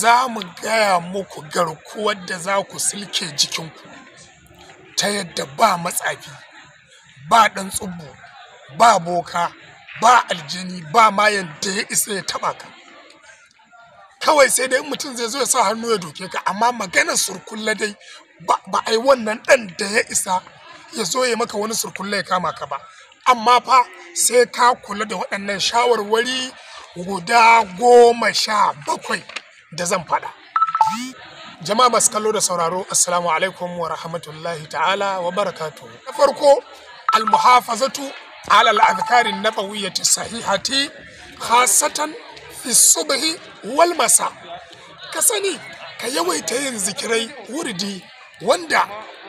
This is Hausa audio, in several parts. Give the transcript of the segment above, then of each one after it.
za mu gaya muku garkuwar da za ku silke jikinku ta yadda ba matsafi, ba ɗan tsubu, ba boka, ba aljini, ba mayan da ya isa ya taɓa ka. Kawai sai dai mutum zai zo ya sa hannu ya doke ka, amma maganar surkulle dai ba a yi wannan ɗan da ya isa ya zo ya maka wani surkulle ya kama ka ba. Amma fa sai ka kula da waɗannan shawarwari guda goma sha bakwai. da zan faɗa. Jama'a masu kallo da sauraro, Assalamu alaikum wa rahmatullahi ta'ala wa barakatu. Na farko, almuhafazatu ala al'adhkari nabawiyyati sahihati khasatan fi subhi wal masa. Ka sani, ka yawaita yin zikirai wurdi wanda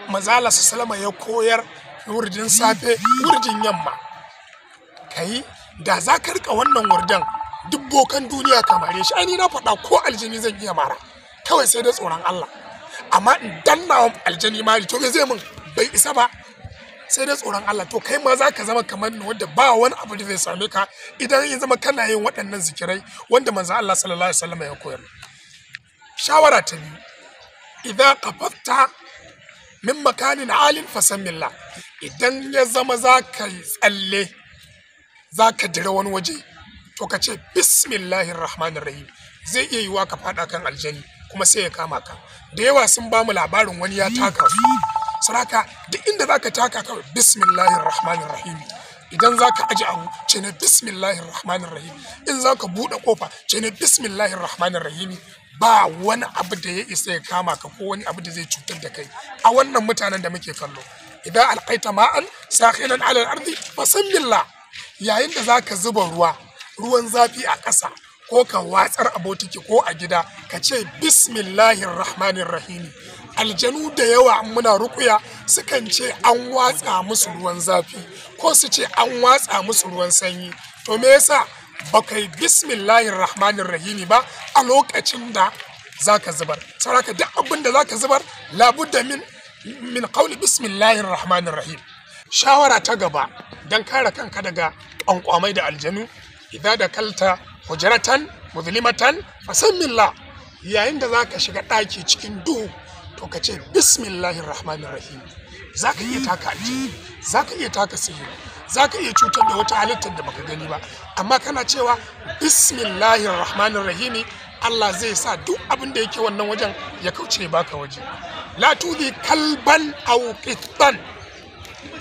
mazala salama ya koyar wurdin safe, wurdin yamma. Kai, da za ka rika wannan wurdan duk bokan duniya kamare shi ai na faɗa ko aljini zan iya mara kawai sai da tsoron Allah amma in danna wa aljini mari to zai mun bai isa ba sai da tsoron Allah to kai ma zaka zama kamar ni wanda ba wani abu da zai same ka idan ya zama kana yin waɗannan zikirai wanda manzo Allah sallallahu alaihi wasallam ya koyar shawara ta biyu idza qafatta min makanin alin fasammillah idan ya zama za tsalle zaka ka dira wani waje to ka ce bismillahir rahmanir rahim zai iya yiwa ka fada kan aljani kuma sai ya kama ka da yawa sun ba mu labarin wani ya taka saraka duk inda zaka taka ka bismillahir rahmanir rahim idan za ka aji abu ce ne bismillahir rahmanir rahim in za ka buɗe ƙofa ce ne bismillahir rahmanir rahim ba wani abu da ya isa ya kama ka ko wani abu da zai cutar da kai a wannan mutanen da muke kallo idan alƙaita ma'an sahinan alal ardi fasan yayin da za ka zuba ruwa ruwan zafi a ƙasa ko ka watsar a botiki ko a gida ka ce bismillahir rahmanir rahimi aljanu da yawa muna rukuya sukan ce an watsa musu ruwan zafi ko su ce an watsa musu ruwan sanyi to me yasa ba kai bismillahir rahmanir rahimi ba a lokacin da ka zubar saboda duk abin da zaka zubar labudda min min qawli bismillahir rahmanir rahim shawara ta gaba dan kare kanka daga ƙwanƙwamai da aljanu da dakalta hujratan muzlimatan fasammillah yayin da zaka shiga daki cikin duhu to ka ce bismillahir rahmanir rahim zaka iya taka alji zaka iya taka sihiri zaka iya cutar da wata halittar da baka gani ba amma kana cewa bismillahir rahmanir rahim Allah zai sa duk abin da yake wannan wajen ya kauce baka waje la tudi kalban aw qittan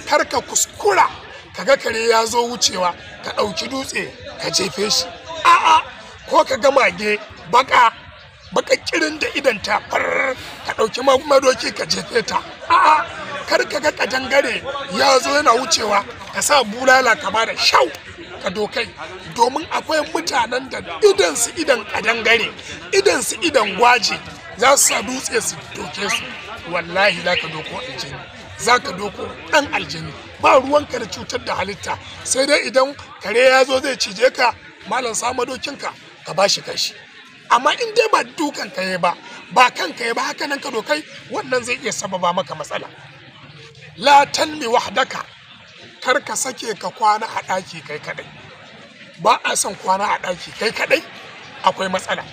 karka kuskura kaga kare ya zo wucewa ka ɗauki dutse ka jefe shi a'a ko ka ga mage baka baka kirin da idan ta far ka ɗauki madoki ka jefe ta a'a kar ka ga kadangare ya zo yana wucewa ka sa bulala ka bada shau ka dokai domin akwai mutanen da idan su idan kadangare idan su idan gwaji za su sa dutse su doke su wallahi za ka doko aljini za ka doko ɗan aljanu ba ruwanka da cutar da halitta sai dai idan kare ya zo zai cije ka malam sama dokinka ka ba shi kashi amma in dai ba dukan ka ba ba kanka ya ba haka nan ka dokai wannan zai iya sababa maka matsala la talmi wahdaka kar ka sake ka kwana a ɗaki kai kaɗai ba a son kwana a ɗaki kai kaɗai akwai matsala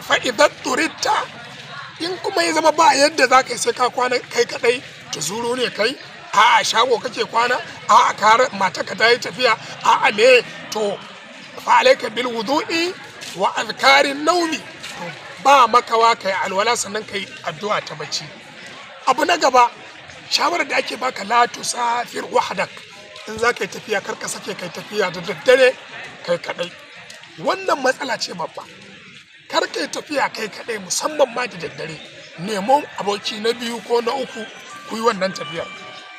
fa'idat turitta in kuma ya zama ba yadda za ka sai ka kwana kai kadai ta zuro ne kai a'a shago kake kwana a'a kare mata ka yi tafiya a'a me to fa alayka bil wudu'i wa azkarin naumi ba makawa kai alwala sannan kai addu'a ta bacci abu na gaba shawarar da ake baka la tusafir wahdak in za ka yi tafiya kar ka sake kai tafiya da daddare kai kadai wannan matsala ce babba kar yi tafiya kai kaɗai musamman ma da daddare nemo aboki na biyu ko na uku ku yi wannan tafiyar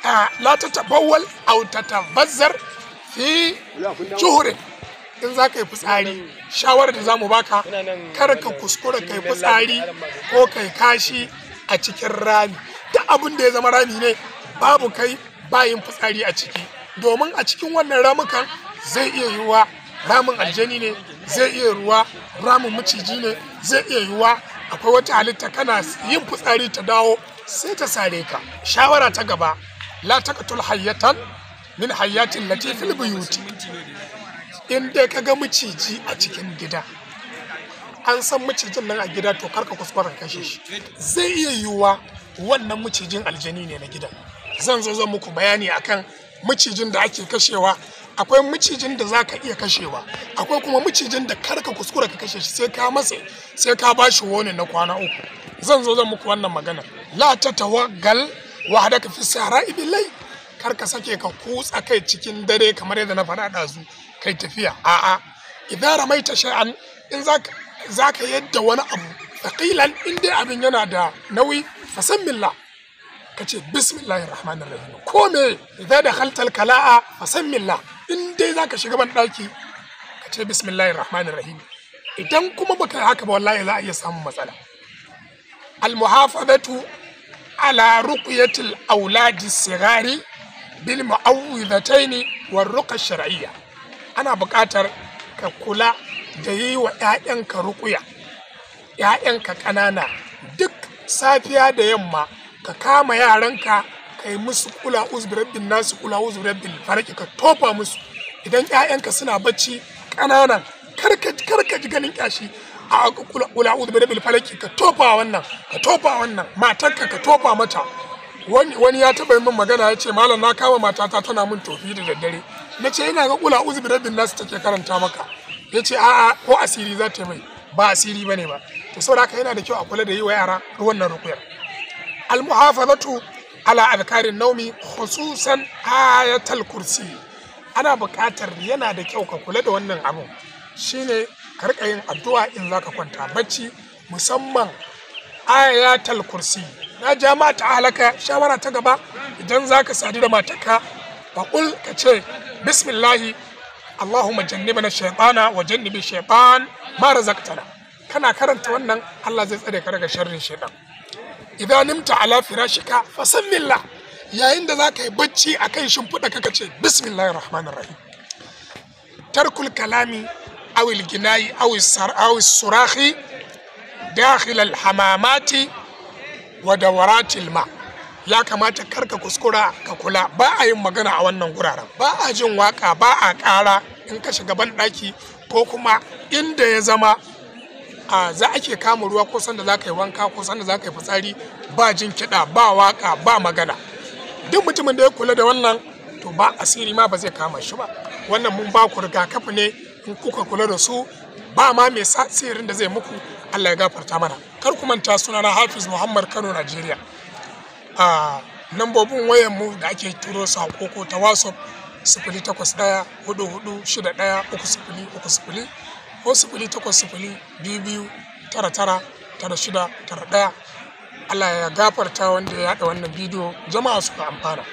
a ta tabawwal au ta fi juhurin in za ka yi fitsari shawarar da za mu baka kar ka kuskura kai fitsari ko kai kashi a cikin rami da abun da ya zama rami ne babu kai bayin fitsari a ciki domin a cikin wannan ramukan zai iya yiwuwa ramin aljani ne zai iya ruwa ramin maciji ne zai iya yiwuwa akwai wata halitta kana yin fitsari ta dawo sai ta sare ka shawara ta gaba la taqtul hayyatan min hayyatin lati fil buyuti in dai ka ga maciji a cikin gida an san macijin nan a gida to karka kuskura kashe shi zai iya yiwuwa wannan macijin aljani ne na gida zan zo zan muku bayani akan macijin da ake kashewa akwai macijin da za ka iya kashewa akwai kuma macijin da karka kuskura ka kashe shi sai ka masa sai ka ba shi wani na kwana uku zan zo zan muku wannan magana la ta tawaggal ka fi sahara billahi kar ka sake ka kutsa kai cikin dare kamar yadda na faɗa su kai tafiya a'a idan ramaita shay'an in za ka yadda wani abu thaqilan in dai abin yana da nauyi fasammillah ka ce bismillahir rahmanir rahim ko mai idan da khaltal kala'a fasammillah in dai za ka shiga ban ɗaki ka ce bismillahir rahmanir rahim idan kuma baka haka ba wallahi za a iya samun matsala muhafazatu ala ruqyatil auladi sigari bil mu'awwidhatayn war ruqa shar'iyya ana buƙatar ka kula da yi wa ‘ya'yanka ruƙuya ‘ya'yanka ƙanana duk safiya da yamma ka kama yaranka ka yi musu kula uzbirabbin nasu kula uzbirabbin faraki ka tofa musu idan 'ya'yanka suna bacci ƙananan karka ji ganin kyashi a kula uzbirabbin faraki ka tofa wannan ka tofa wannan matarka ka tofa mata wani ya taba min magana ya ce malam na kama matata tana min tofi da daddare na ce yana ga kula uzbirabbin nasu take karanta maka ya ce a'a ko asiri za ta mai ba asiri ba ne ba to saboda haka yana da kyau a kula da yi wa yara ruwan nan rukuyar almuhafazatu ala alkarin naumi khususan ayatul kursi ana buƙatar yana da kyau ka kula da wannan abu shine ka rika yin addu'a in zaka kwanta bacci musamman ayatul kursi na ja mata halaka shawara ta gaba idan zaka sadu da matarka kul ka ce bismillahi allahumma jannibna shaytana wa jannibi shaytan ma razaqtana kana karanta wannan Allah zai tsare ka daga sharrin shaytan idan nimta ala firashika fasammillah yayin da za ka yi bacci a kan shimfiɗa kaka ce bismillahir tarkul kalami awil ginayi awil surahi dakhil al hamamati wa dawaratil ma ya kamata kar ka kuskura ka kula ba a yin magana a wannan guraren ba a jin waka ba a ƙara in ka shiga ban ɗaki ko kuma inda ya zama a za ake kama ruwa ko sanda za ka yi wanka ko sanda za ka yi fitsari ba jin kiɗa ba waka ba magana duk mutumin da ya kula da wannan to ba asiri ma ba zai kama shi ba wannan mun ba ku rigakafi ne in kuka kula da su ba ma mai sirrin da zai muku Allah ya gafarta mana kar ku manta na Hafiz Muhammad Kano Najeriya a nambobin wayar mu da ake turo a ko ta WhatsApp sifili takwas ɗaya ko sifili takwas sifili biyu biyu tara tara tara shida tara ɗaya Allah ya gafarta wanda ya yaɗa wannan bidiyo jama'a suka amfana.